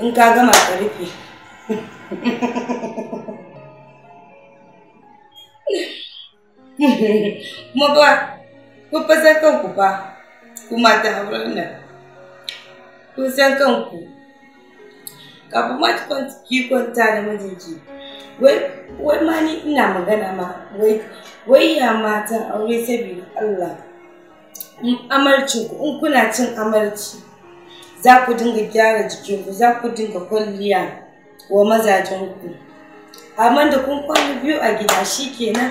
in ka gama ka rufe kuma ba ku fasan kanku ba kuma ta hauren nan ku san kanku kafin ma ki kwanta da mijinki wai ma ni ina magana ma wai ya matan aure saboda Allah amarcinku in kuna cin amarci za ku dinga gyara jikinku za ku dinga kwalliya wa mazajenku amma da kun kwana biyu a gida shi kenan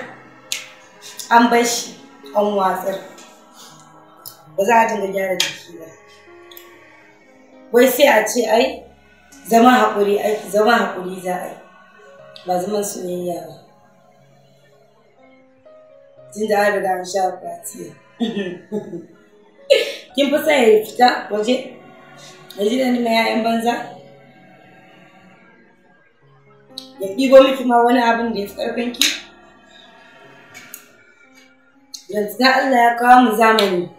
an bar shi an watsar ba za a dinga gyara jiki ba wai sai a ce ai zama haƙuri aiki zama haƙuri za a yi ba zaman soyayya ba tun da an riga an sha kin fi son ya fita waje a ji da yayan banza ya ɗigo miki ma wani abin da ya fi ƙarfin ki yanzu da Allah ya kawo mu zamani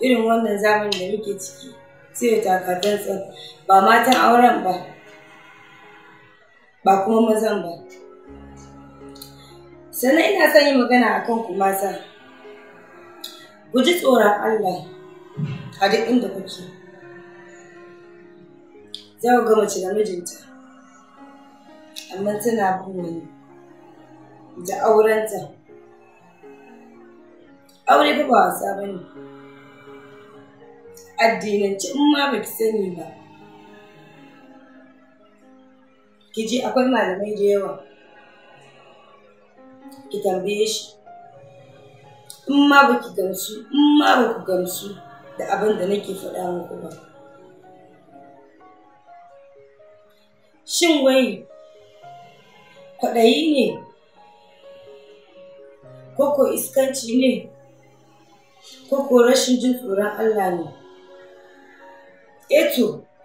irin wannan zamani da muke ciki sai ya taka tsantsan ba matan auren ba ba kuma mazan ba sannan ina son yin magana akan ku mata guji tsoron Allah a duk inda kuke za ku ga mace da mijinta amma tana bin wani da aurenta aure fa ba wasa ba ne addinance in ma ba ki sani ba ki ji akwai malamai da yawa ki tambaye shi in ma ba ki gamsu in ma ba ku gamsu da abin da nake faɗa muku ba shin wai kwaɗayi ne koko iskanci ne koko rashin jin tsoron allah ne eto eh